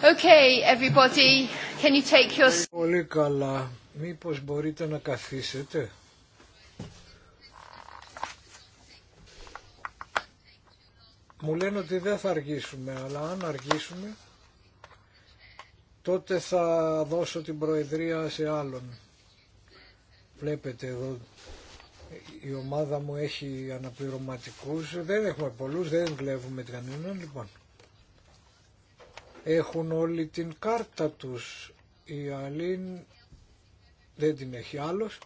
Okay, everybody, can you take your... Πολύ καλά. Μήπως μπορείτε να καθίσετε. Μου λένε ότι δεν θα αργήσουμε, αλλά αν αργήσουμε, τότε θα δώσω την προεδρία σε άλλον. Βλέπετε εδώ, η ομάδα μου έχει αναπληρωματικούς, δεν έχουμε πολλούς, δεν βλέπουμε κανέναν, λοιπόν. Έχουν όλη την κάρτα τους. Η Αλήν δεν την έχει άλλος.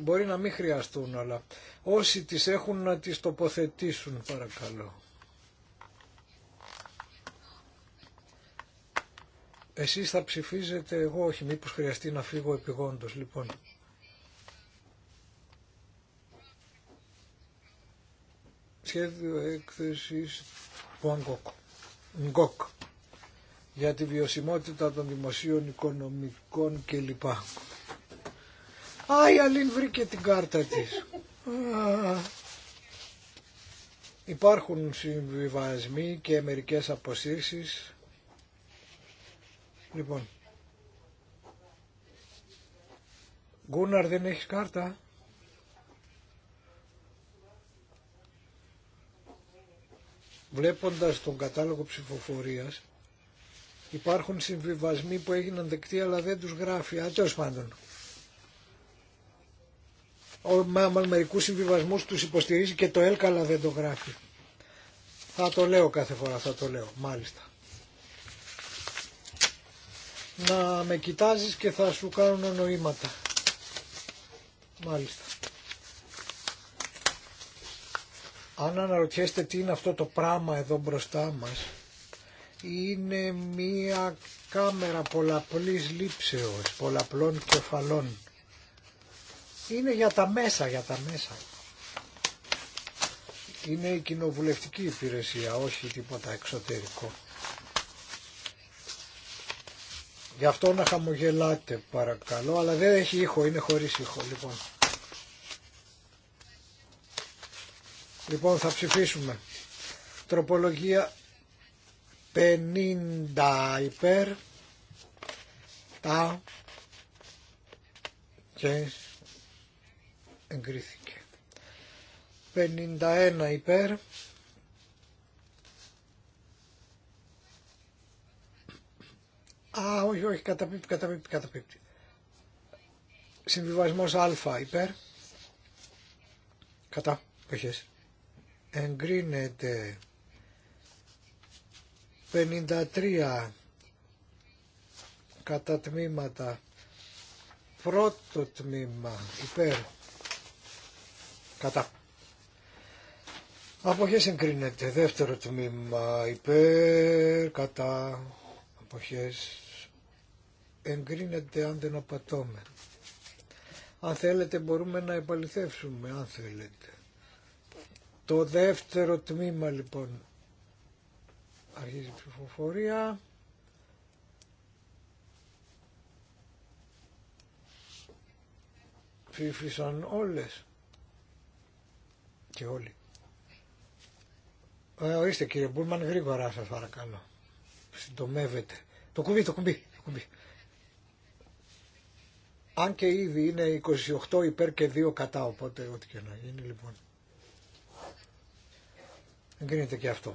Μπορεί να μην χρειαστούν, αλλά όσοι τις έχουν να τις τοποθετήσουν παρακαλώ. Εσείς θα ψηφίζετε, εγώ όχι, μήπως χρειαστεί να φύγω επιγόντως. Λοιπόν, σχέδιο έκθεσης Αγκόκ για τη βιωσιμότητα των δημοσίων οικονομικών κλπ. Α, η Αλήν βρήκε την κάρτα της. υπάρχουν συμβιβασμοί και μερικές αποσύρσεις Λοιπόν. Γκούναρ δεν έχεις κάρτα. Βλέποντας τον κατάλογο ψηφοφορίας υπάρχουν συμβιβασμοί που έγιναν δεκτοί αλλά δεν τους γράφει. Α, πάντων. Ο, με μερικούς συμβιβασμούς τους υποστηρίζει και το έλκα αλλά δεν το γράφει. Θα το λέω κάθε φορά, θα το λέω, μάλιστα να με κοιτάζεις και θα σου κάνουν νοήματα. Μάλιστα. Αν αναρωτιέστε τι είναι αυτό το πράγμα εδώ μπροστά μας, είναι μία κάμερα πολλαπλής λήψεως, πολλαπλών κεφαλών. Είναι για τα μέσα, για τα μέσα. Είναι η κοινοβουλευτική υπηρεσία, όχι τίποτα εξωτερικό. Γι' αυτό να χαμογελάτε παρακαλώ, αλλά δεν έχει ήχο, είναι χωρίς ήχο. Λοιπόν, λοιπόν θα ψηφίσουμε. Τροπολογία 50 υπέρ τα και εγκρίθηκε. 51 υπέρ Α, όχι, όχι, καταπίπτει, καταπίπτει, καταπίπτει. Συμβιβασμός α υπέρ. Κατά, έχεις. Εγκρίνεται. 53 κατά τμήματα. Πρώτο τμήμα υπέρ. Κατά. Αποχές εγκρίνεται. Δεύτερο τμήμα υπέρ, κατά. Αποχές εγκρίνεται αν δεν απατώμε. Αν θέλετε μπορούμε να επαληθεύσουμε, αν θέλετε. Το δεύτερο τμήμα λοιπόν αρχίζει η ψηφοφορία. Ψήφισαν όλες και όλοι. Ε, ορίστε κύριε Μπούλμαν γρήγορα σας παρακαλώ. Συντομεύετε. Το κουμπί, το κουμπί, το κουμπί. Αν και ήδη είναι 28 υπέρ και 2 κατά, οπότε ό,τι και να γίνει λοιπόν. Εγκρίνεται και αυτό.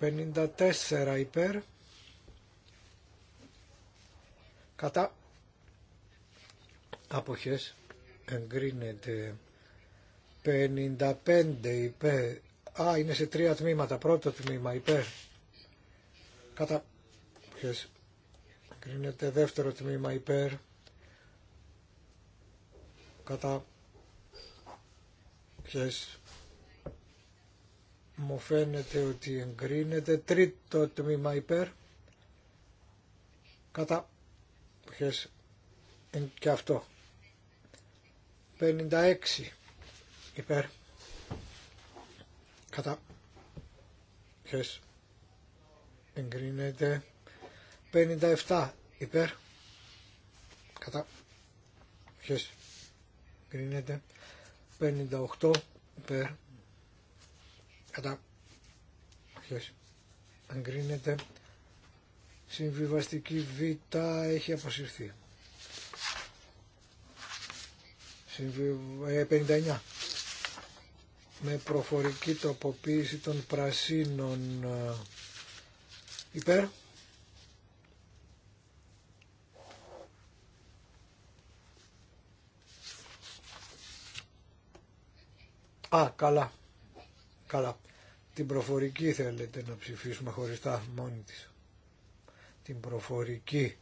54 υπέρ. Κατά. Αποχές. Εγκρίνεται. 55 υπέρ. Α, είναι σε τρία τμήματα. Πρώτο τμήμα υπέρ. Κατά. Αποχές. Εγκρίνεται δεύτερο τμήμα υπέρ κατά ποιες μου φαίνεται ότι εγκρίνεται τρίτο τμήμα υπέρ κατά ποιες ε, και αυτό 56 υπέρ κατά ποιες εγκρίνεται 57 υπέρ κατά ποιες κρίνεται 58 υπέρ κατά ποιες εγκρίνεται συμβιβαστική β έχει αποσυρθεί 59 ε, με προφορική τοποποίηση των πρασίνων ε, υπέρ Α, καλά. Καλά. Την προφορική θέλετε να ψηφίσουμε χωριστά μόνη της. Την προφορική.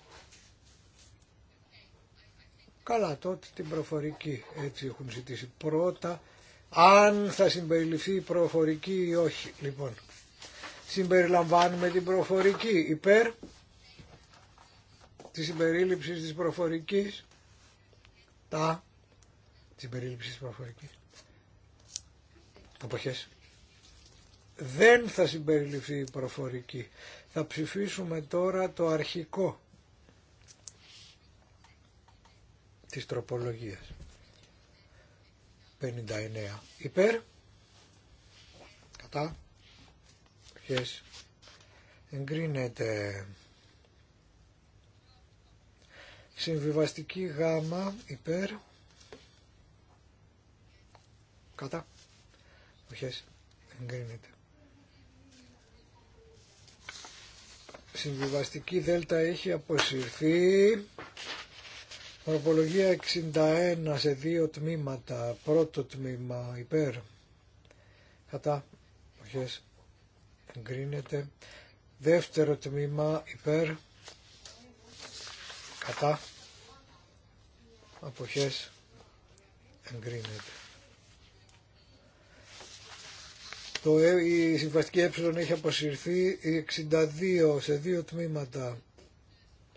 Καλά, τότε την προφορική. Έτσι έχουν ζητήσει πρώτα. Αν θα συμπεριληφθεί η προφορική ή όχι. Λοιπόν, συμπεριλαμβάνουμε την προφορική υπέρ της συμπερίληψης της προφορικής. Τα. Τη συμπερίληψης της προφορικής αποχές δεν θα συμπεριληφθεί η προφορική. Θα ψηφίσουμε τώρα το αρχικό της τροπολογίας. 59. Υπέρ. Κατά. Ποιες. Εγκρίνεται. Συμβιβαστική γάμα. Υπέρ. Κατά. Αποχές. Εγκρίνεται. Συμβιβαστική δέλτα έχει αποσυρθεί. Προπολογία 61 σε δύο τμήματα. Πρώτο τμήμα υπέρ. Κατά. Αποχές. Εγκρίνεται. Δεύτερο τμήμα υπέρ. Κατά. Αποχές εγκρίνεται. Το, ε, η συμβαστική ε έχει αποσυρθεί 62 σε δύο τμήματα.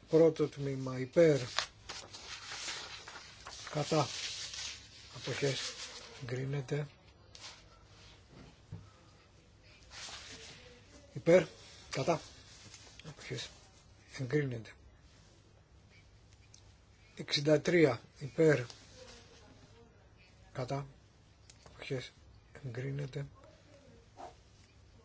Πρώτο τμήμα υπέρ. Κατά. Αποχές. Γκρίνεται. Υπέρ. Κατά. Αποχές. Εγκρίνεται. 63 υπέρ. Κατά. Αποχές. Εγκρίνεται.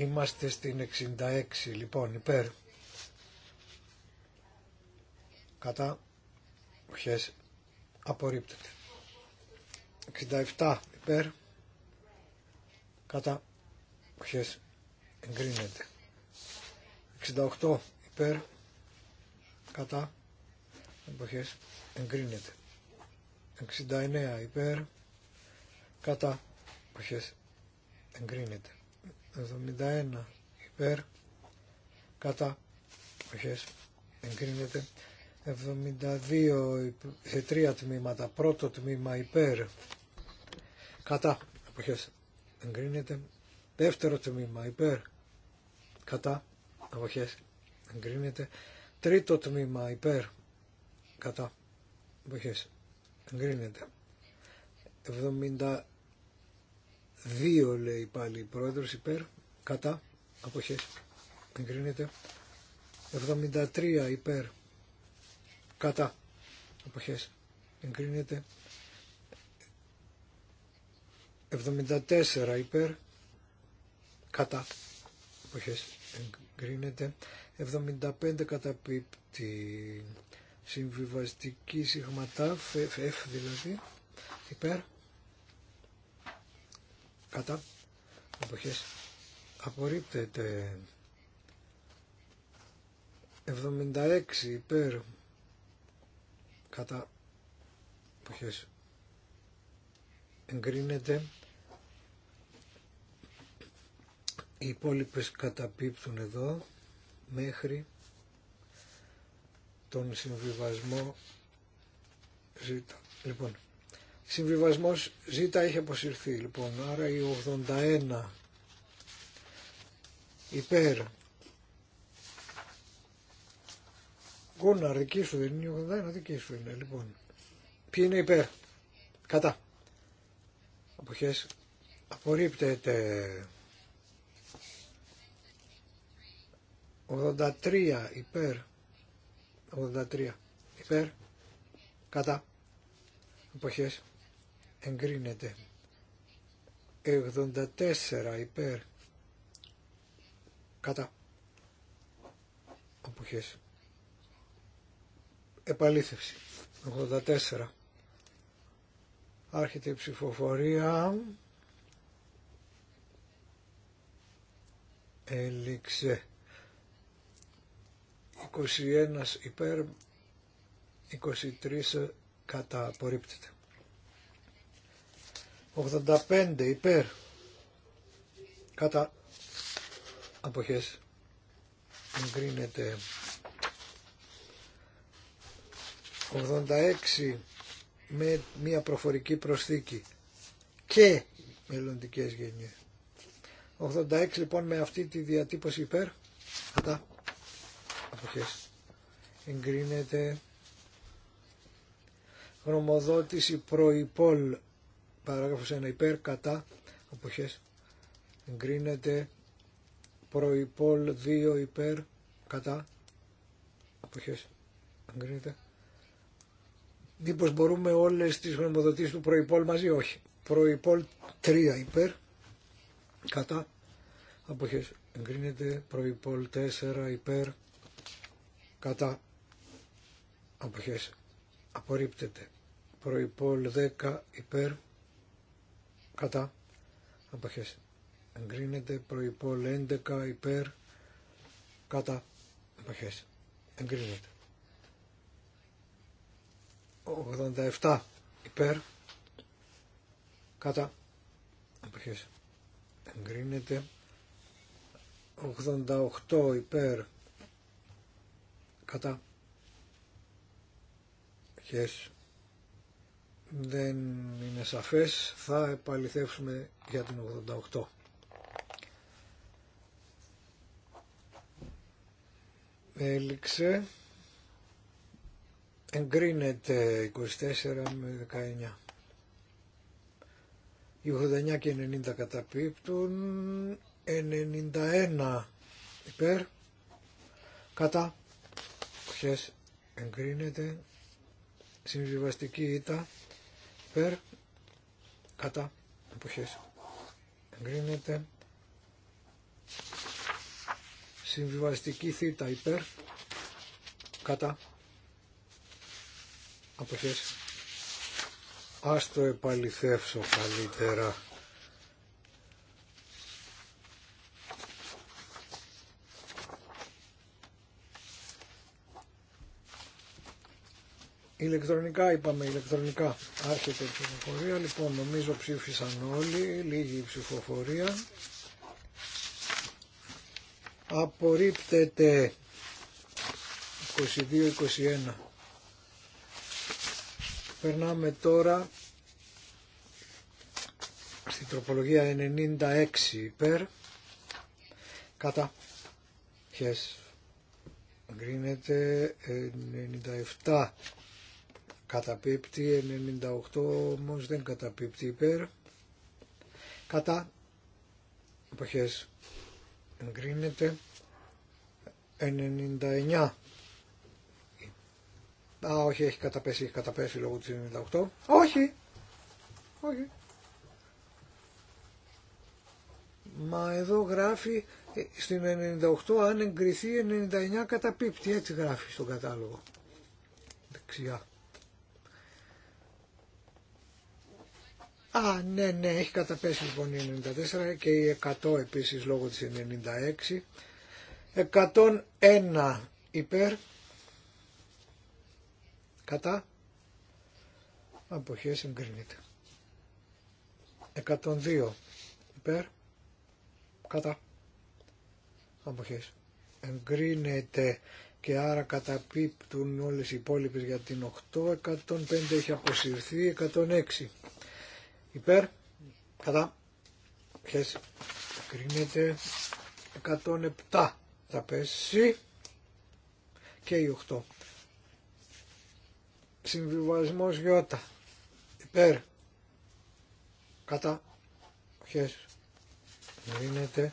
Είμαστε στην 66 λοιπόν υπέρ. Κατά οχές απορρίπτεται. 67 υπέρ. Κατά οχές εγκρίνεται. 68 υπέρ. Κατά εποχές εγκρίνεται. 69 υπέρ. Κατά εποχές εγκρίνεται. 71 υπέρ κατά εποχέ. εγκρίνεται 72 σε τρία τμήματα πρώτο τμήμα υπέρ κατά εποχές εγκρίνεται δεύτερο τμήμα υπέρ κατά εποχές εγκρίνεται τρίτο τμήμα υπέρ κατά εποχές εγκρίνεται Δύο, λέει πάλι η πρόεδρος υπέρ, κατά, αποχές, εγκρίνεται. 73 υπέρ, κατά, αποχές, εγκρίνεται. 74 υπέρ, κατά, αποχές, εγκρίνεται. 75 κατά πίπτη, συμβιβαστική σιγματά, F, δηλαδή, υπέρ, κατά εποχές απορρίπτεται 76 υπέρ κατά εποχές εγκρίνεται οι υπόλοιπες καταπίπτουν εδώ μέχρι τον συμβιβασμό ζήτα. Λοιπόν, Συμβιβασμός Ζ έχει αποσυρθεί λοιπόν, άρα η 81 υπέρ. Γκούναρ, δική σου δεν είναι η 81, δική σου είναι λοιπόν. Ποιοι είναι υπέρ. Κατά. Αποχές. Απορρίπτεται. 83 υπέρ. 83 υπέρ. Κατά. Αποχές εγκρίνεται 84 υπέρ κατά αποχές επαλήθευση 84 άρχεται η ψηφοφορία έληξε 21 υπέρ 23 κατά απορρίπτεται 85 υπέρ κατά αποχές εγκρίνεται 86 με μια προφορική προσθήκη και μελλοντικέ γενιές 86 λοιπόν με αυτή τη διατύπωση υπέρ κατά αποχές εγκρίνεται γνωμοδότηση προϋπόλ παράγραφο 1 υπέρ κατά αποχές εγκρίνεται προϋπόλ 2 υπέρ κατά αποχές εγκρίνεται. μήπω μπορούμε όλε τι γνωμοδοτήσεις του προϋπόλ μαζί, όχι. Προϋπόλ 3 υπέρ κατά αποχές εγκρίνεται. Προϋπόλ 4 υπέρ κατά αποχές απορρίπτεται. Προϋπόλ 10 υπέρ κατά αποχές εγκρίνεται προϋπόλ 11 υπέρ κατά αποχές εγκρίνεται 87 υπέρ κατά αποχές εγκρίνεται 88 υπέρ κατά αποχές δεν είναι σαφές, θα επαληθεύσουμε για την 88. Έληξε. Εγκρίνεται 24 με 19. Οι 89 και 90 καταπίπτουν. 91 υπέρ. Κατά. Ποιες εγκρίνεται. Συμβιβαστική ήττα υπέρ κατά εποχές εγκρίνεται συμβιβαστική θήτα υπέρ κατά εποχές ας το επαληθεύσω καλύτερα Ηλεκτρονικά είπαμε, ηλεκτρονικά άρχεται η ψηφοφορία. Λοιπόν, νομίζω ψήφισαν όλοι, λίγη η ψηφοφορία. Απορρίπτεται 22-21. Περνάμε τώρα στην τροπολογία 96 υπέρ. Κατά. Χες. Yes. 97 Καταπίπτει 98 όμως δεν καταπίπτει υπέρ. Κατά εποχές εγκρίνεται 99. Α, όχι, έχει καταπέσει, καταπέσει λόγω του 98. Όχι! Όχι. Μα εδώ γράφει ε, στην 98 αν εγκριθεί 99 καταπίπτει. Έτσι γράφει στον κατάλογο. Δεξιά. Α, ναι, ναι, έχει καταπέσει λοιπόν η 94 και η 100 επίσης λόγω της 96. 101 υπέρ. Κατά. Αποχές συγκρίνεται. 102 υπέρ. Κατά. Αποχές. Εγκρίνεται και άρα καταπίπτουν όλες οι υπόλοιπες για την 8. 105 έχει αποσυρθεί. 106 υπέρ, κατά, ποιες κρίνεται 107 θα πέσει και η 8. Συμβιβασμός Ι, υπέρ, κατά, ποιες κρίνεται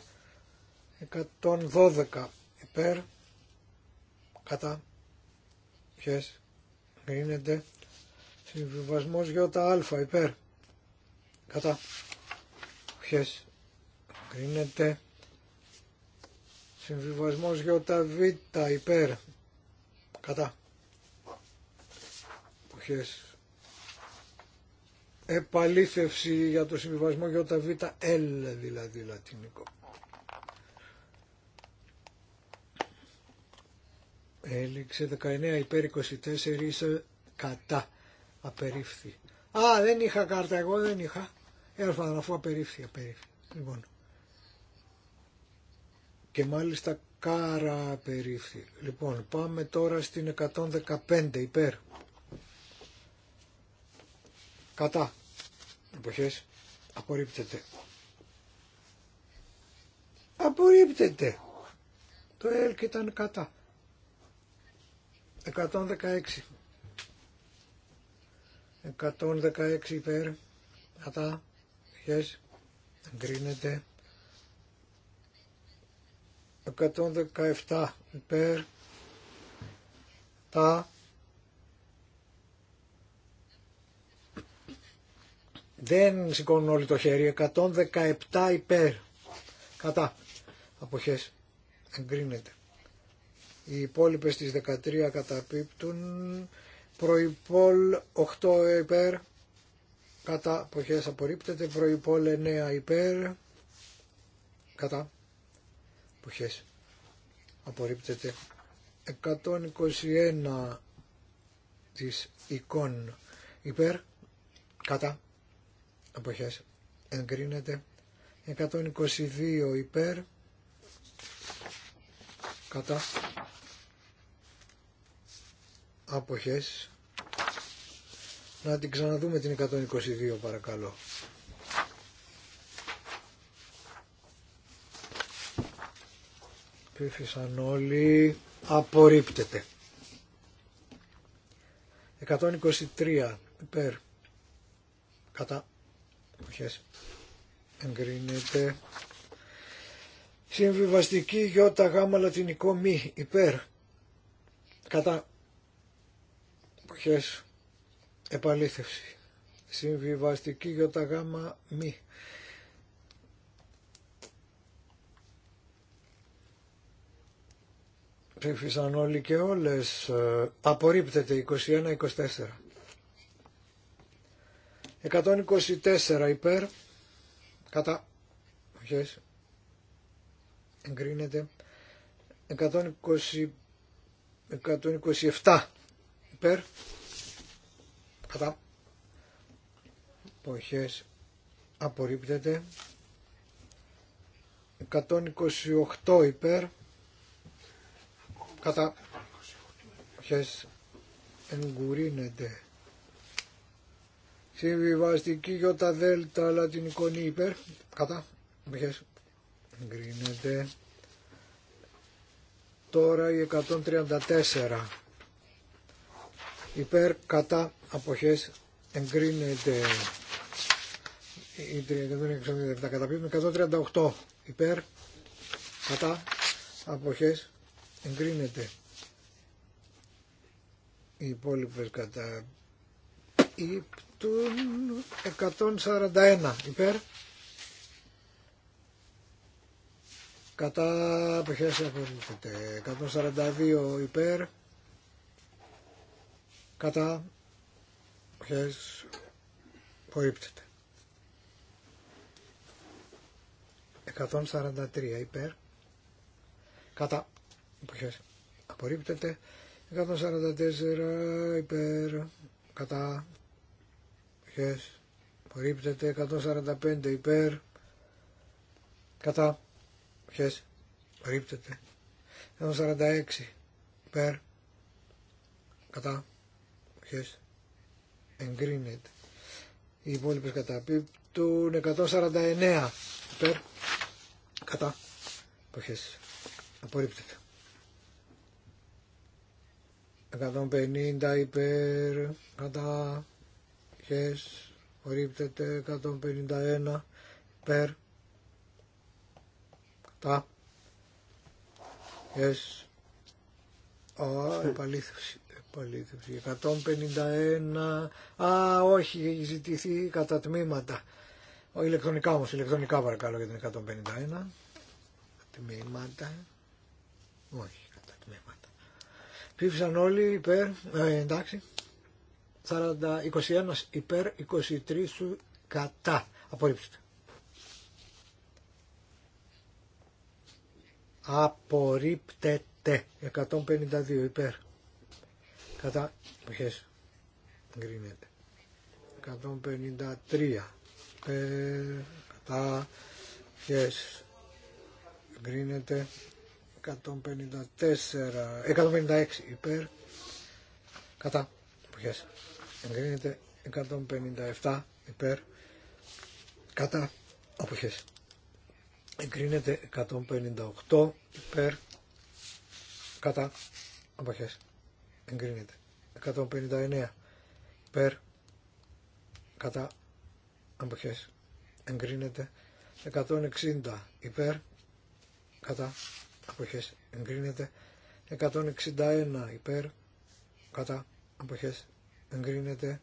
112 υπέρ, κατά, ποιες κρίνεται συμβιβασμός Ι, α, υπέρ, κατά ποιες κρίνεται συμβιβασμός ΙΒ υπέρ κατά ποιες επαλήθευση για το συμβιβασμό ΙΒ L δηλαδή λατινικό έληξε 19 υπέρ 24 ε, κατά απερίφθη α δεν είχα κάρτα εγώ δεν είχα Έλα να αφού απερίφθη, απερίφθη. Λοιπόν. Και μάλιστα κάρα απερίφθη. Λοιπόν, πάμε τώρα στην 115 υπέρ. Κατά. Εποχές. Απορρίπτεται. Απορρίπτεται. Το ΕΛΚ ήταν κατά. 116. 116 υπέρ. Κατά αποχές εγκρίνεται 117 υπέρ τα δεν σηκώνουν όλοι το χέρι 117 υπέρ κατά αποχές εγκρίνεται οι υπόλοιπες τις 13 καταπίπτουν προϋπόλ 8 υπέρ κατά αποχές απορρίπτεται προϋπόλε 9 υπέρ κατά αποχές απορρίπτεται 121 της εικόν υπέρ κατά αποχές εγκρίνεται 122 υπέρ κατά αποχές να την ξαναδούμε την 122 παρακαλώ. Πήφησαν όλοι. Απορρίπτεται. 123 υπέρ. Κατά. Ποχές. Εγκρίνεται. Συμβιβαστική γιώτα γάμα λατινικό μη υπέρ. Κατά. Αποχές επαλήθευση. Συμβιβαστική για γάμα μη. Ψήφισαν όλοι και όλες. Ε, απορρίπτεται 21-24. 124 υπέρ. Κατά. Yes. Εγκρίνεται. 120, 127 υπέρ. Κατά. εποχές απορρίπτεται. 128 υπέρ. Κατά. εποχές εγκουρίνεται. Συμβιβαστική γιώτα δέλτα λατινικονή υπέρ. Κατά. εποχές εγκρίνεται. Τώρα η 134 υπέρ κατά αποχές εγκρίνεται η 167 καταπίπτουν 138 υπέρ κατά αποχές εγκρίνεται οι υπόλοιπες κατά ύπτουν 141 υπέρ κατά αποχές εγκρίνεται 142 υπέρ κατά Αποχές 143 υπέρ. Κατά. Αποχές απορρίπτεται. 144 υπέρ. Κατά. Αποχές απορρίπτεται. 145 υπέρ. Κατά. Αποχές απορρίπτεται. 146 υπέρ. Κατά. Αποχές εγκρίνεται. Οι υπόλοιπες καταπίπτουν 149 υπέρ κατά εποχές. Απορρίπτεται. 150 υπέρ κατά Yes. Απορρίπτεται 151 υπέρ κατά εποχές. Α, επαλήθευση απολύτευση. 151. Α, όχι, έχει ζητηθεί κατά τμήματα. ηλεκτρονικά όμως, ηλεκτρονικά παρακαλώ για την 151. Τμήματα. Όχι, κατά τμήματα. Ψήφισαν όλοι υπέρ, ε, εντάξει. 40, 21 υπέρ, 23 σου κατά. Απορρίψτε. Απορρίπτεται. 152 υπέρ κατά εποχές Γκρίνεται. 153 Πε, κατά εποχές εγκρίνεται 154 156 υπέρ κατά εποχές εγκρίνεται 157 υπέρ κατά αποχές εγκρίνεται 158 υπέρ κατά αποχές εγκρίνεται. 159 υπέρ κατά αποχές εγκρίνεται. 160 υπέρ κατά αποχές εγκρίνεται. 161 υπέρ κατά αποχές εγκρίνεται.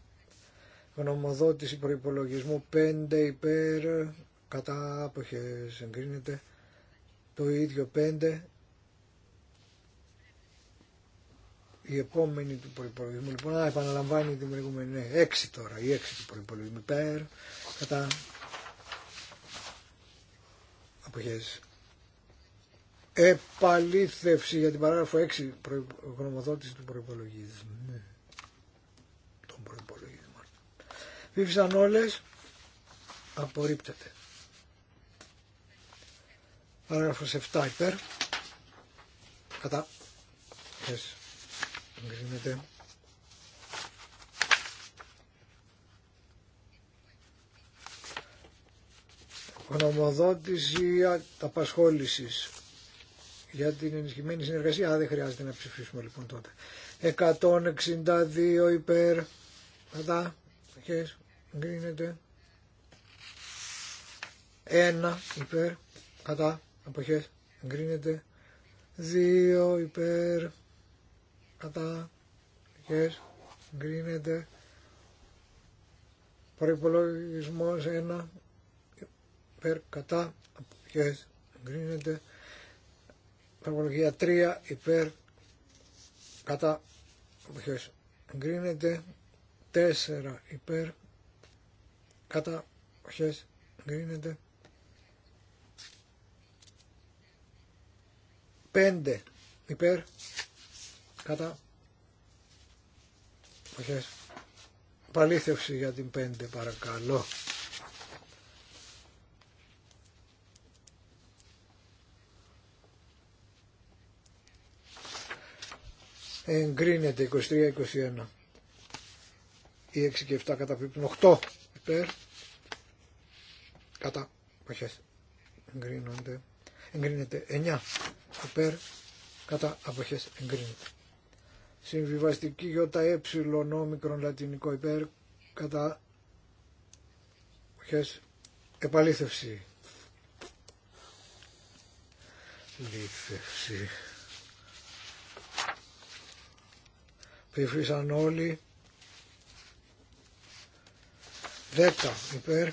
Γνωμοδότηση προϋπολογισμού 5 υπέρ κατά αποχές εγκρίνεται. Το ίδιο 5 Η επόμενη του προπολογισμού, λοιπόν, α, επαναλαμβάνει την προηγούμενη, ναι, έξι τώρα, η έξι του προπολογισμού, υπέρ, κατά, αποχές. Επαλήθευση για την παράγραφο 6 προϋ... γνωμοδότηση του προϋπολογισμού. Ναι. Τον προϋπολογισμό. Βίβησαν όλες. Απορρίπτεται. Παράγραφος 7 υπέρ. Κατά. Yes. Ονομοδότηση Γνωμοδότηση απασχόλησης για την ενισχυμένη συνεργασία. Α, δεν χρειάζεται να ψηφίσουμε λοιπόν τότε. 162 υπέρ. Κατά. Χες. Γκρίνεται. 1 υπέρ. Κατά. Αποχές. Γκρίνεται. 2 υπέρ κατά αποχές γκρίνεται προϋπολογισμός 1 υπέρ κατά αποχές γκρίνεται προϋπολογία 3 υπέρ κατά αποχές γκρίνεται 4 υπέρ κατά αποχές γκρίνεται 5 υπέρ Κατά. παχες, Παλήθευση για την πέντε παρακαλώ. Εγκρίνεται 23-21. Η 6 και 7 καταπίπτουν 8 υπέρ. Κατά. παχες, Εγκρίνονται. Εγκρίνεται 9 υπέρ. Κατά. Αποχές. Εγκρίνεται. Συμβιβαστική ΙΕ όμικρον λατινικό υπέρ κατά χες επαλήθευση. Λήθευση. Ψήφισαν όλοι. δέκα υπέρ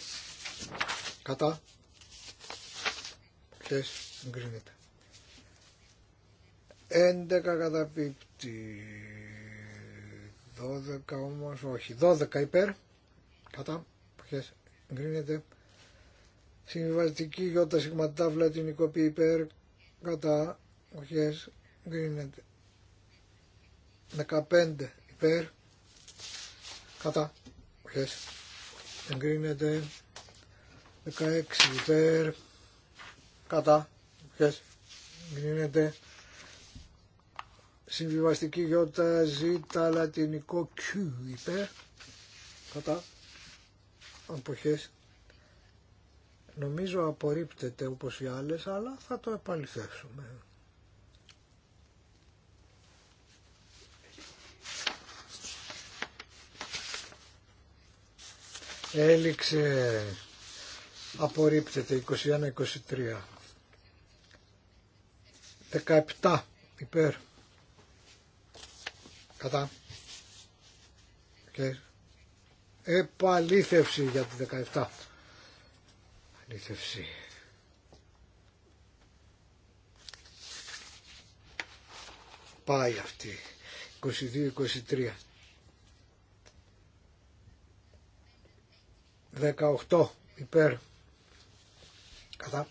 κατά χες εγκρίνεται. 11 καταπίπτει. 12 όμως, όχι, 12 υπέρ. Κατά, ποιες εγκρίνεται. Συμβιβαστική γιώτα την οικοπή υπέρ. Κατά, ποιες εγκρίνεται. 15 υπέρ. Κατά, ποιες εγκρίνεται. 16 υπέρ. Κατά, ποιες εγκρίνεται. Συμβιβαστική γιώτα ζήτα λατινικό Q υπέρ. Κατά. Αποχές. Νομίζω απορρίπτεται όπως οι άλλες, αλλά θα το επαληθεύσουμε. Έληξε. Απορρίπτεται 21-23. 17 υπέρ. Κατά. Και επαλήθευση για τη 17. Επαλήθευση. Πάει αυτή. 22-23. 18 υπέρ κατά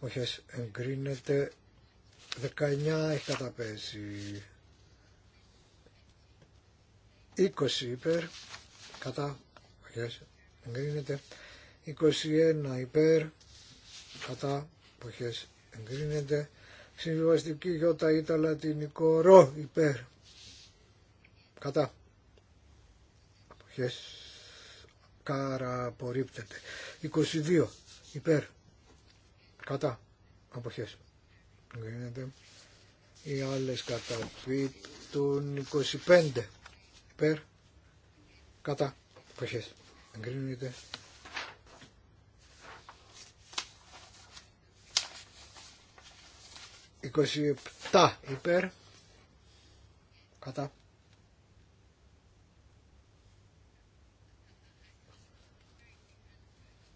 όχι εγκρίνεται 19 έχει καταπέσει 20 υπέρ, κατά, αποχές, εγκρίνεται. 21 υπέρ, κατά, αποχές, εγκρίνεται. Συμβιβαστική γιώτα τα λατινικό ρο υπέρ, κατά, αποχές, Καραπορύπτεται. 22 υπέρ, κατά, αποχές, εγκρίνεται. Οι άλλες καταπίτουν 25 υπέρ κατά εποχές εγκρίνεται είκοσι υπέρ κατά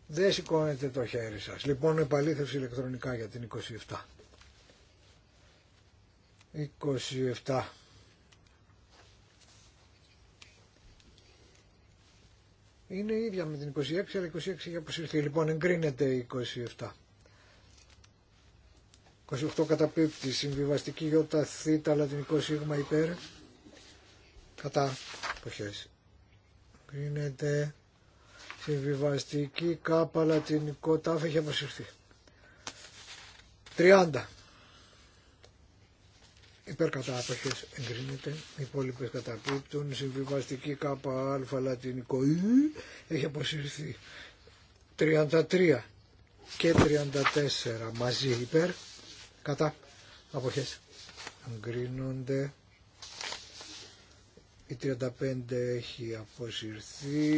Δεν σηκώνετε το χέρι σας. Λοιπόν, επαλήθευση ηλεκτρονικά για την 27. 27. είναι ίδια με την 26, αλλά 26 έχει αποσυρθεί. Λοιπόν, εγκρίνεται η 27. 28 καταπίπτει, συμβιβαστική γιώτα θήτα, αλλά σίγμα υπέρ. Κατά εποχές. Εγκρίνεται συμβιβαστική κάπα, αλλά την έχει αποσυρθεί. 30 υπέρ κατά εγκρίνεται, οι υπόλοιπες καταπίπτουν, συμβιβαστική ΚΑΠΑ λατινικό Ι, έχει αποσυρθεί 33 και 34 μαζί υπέρ κατά αποχές εγκρίνονται, η 35 έχει αποσυρθεί,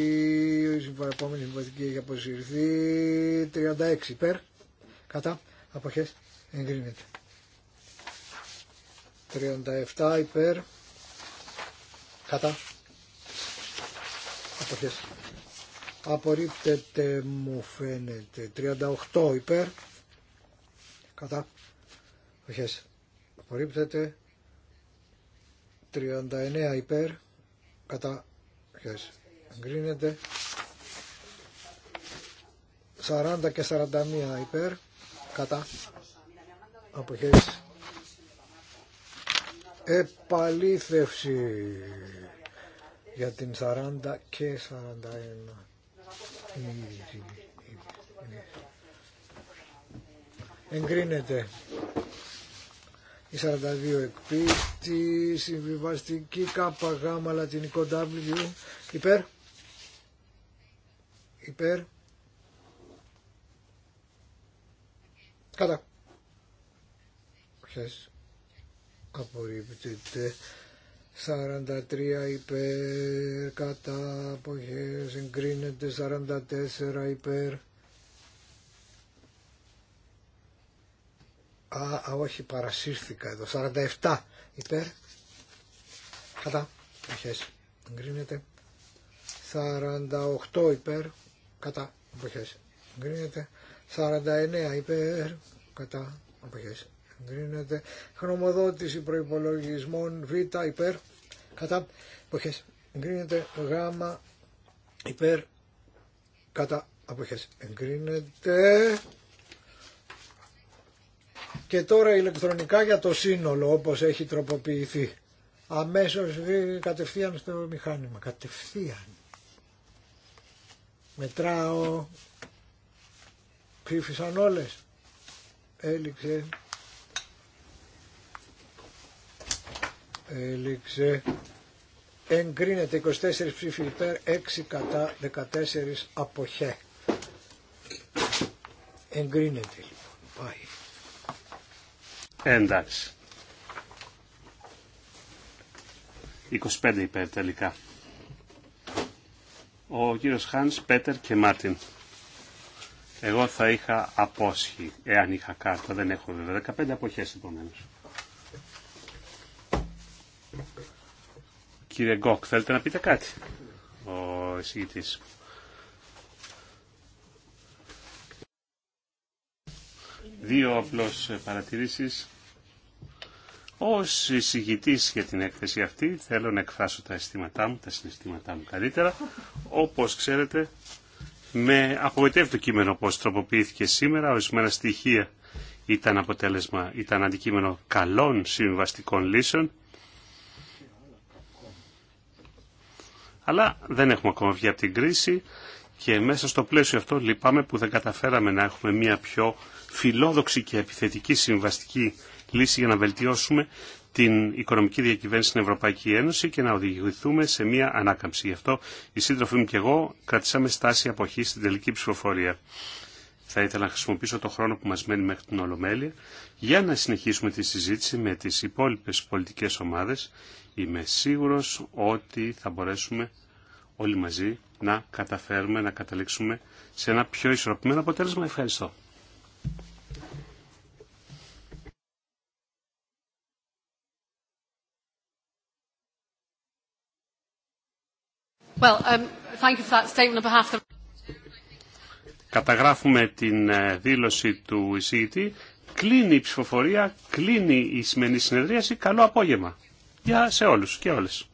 η επόμενη συμβιβαστική έχει αποσυρθεί, 36 υπέρ κατά αποχές εγκρίνεται. 37 υπέρ κατά αποχές απορρίπτεται μου φαίνεται 38 υπέρ κατά αποχές απορρίπτεται 39 υπέρ κατά αποχές εγκρίνεται 40 και 41 υπέρ κατά αποχές επαλήθευση για την 40 και 41. Εγκρίνεται η 42 εκπίστη συμβιβαστική ΚΓ λατινικό W, υπέρ, υπέρ, κατά, χες, απορρίπτεται 43 υπέρ κατά αποχέ εγκρίνεται 44 υπέρ α, α όχι παρασύρθηκα εδώ 47 υπέρ κατά αποχέ εγκρίνεται 48 υπέρ κατά αποχέ εγκρίνεται 49 υπέρ κατά αποχές Εγκρίνεται. Χρωμοδότηση προϋπολογισμών Β υπέρ. Κατά. Εποχές. Εγκρίνεται. Γ υπέρ. Κατά. Αποχές. Εγκρίνεται. Και τώρα ηλεκτρονικά για το σύνολο όπως έχει τροποποιηθεί. Αμέσως κατευθείαν στο μηχάνημα. Κατευθείαν. Μετράω. Ψήφισαν όλες. Έληξε. Έληξε. Εγκρίνεται 24 ψήφοι υπέρ, 6 κατά, 14 αποχέ. Εγκρίνεται λοιπόν. Πάει. Εντάξει. 25 υπέρ τελικά. Ο κύριος Χάνς, Πέτερ και Μάρτιν. Εγώ θα είχα απόσχει, εάν είχα κάρτα, δεν έχω βέβαια. 15 αποχές επομένως. Κύριε Γκόκ, θέλετε να πείτε κάτι, ο εισηγητής. Δύο απλώς παρατηρήσεις. Ως εισηγητής για την έκθεση αυτή θέλω να εκφράσω τα αισθήματά μου, τα συναισθήματά μου καλύτερα. Όπως ξέρετε, με απογοητεύει το κείμενο πώς τροποποιήθηκε σήμερα. Ορισμένα στοιχεία ήταν αποτέλεσμα, ήταν αντικείμενο καλών συμβαστικών λύσεων Αλλά δεν έχουμε ακόμα βγει από την κρίση και μέσα στο πλαίσιο αυτό λυπάμαι που δεν καταφέραμε να έχουμε μια πιο φιλόδοξη και επιθετική συμβαστική λύση για να βελτιώσουμε την οικονομική διακυβέρνηση στην Ευρωπαϊκή Ένωση και να οδηγηθούμε σε μια ανάκαμψη. Γι' αυτό οι σύντροφοί μου και εγώ κρατήσαμε στάση αποχή στην τελική ψηφοφορία. Θα ήθελα να χρησιμοποιήσω το χρόνο που μας μένει μέχρι την Ολομέλεια για να συνεχίσουμε τη συζήτηση με τις υπόλοιπες πολιτικές ομάδες είμαι σίγουρος ότι θα μπορέσουμε όλοι μαζί να καταφέρουμε να καταλήξουμε σε ένα πιο ισορροπημένο αποτέλεσμα. Ευχαριστώ. Well, um, thank you for that statement on behalf of... Καταγράφουμε την ε, δήλωση του εισηγητή. Κλείνει η ψηφοφορία, κλείνει η σημερινή συνεδρίαση. Καλό απόγευμα για σε όλους και όλες.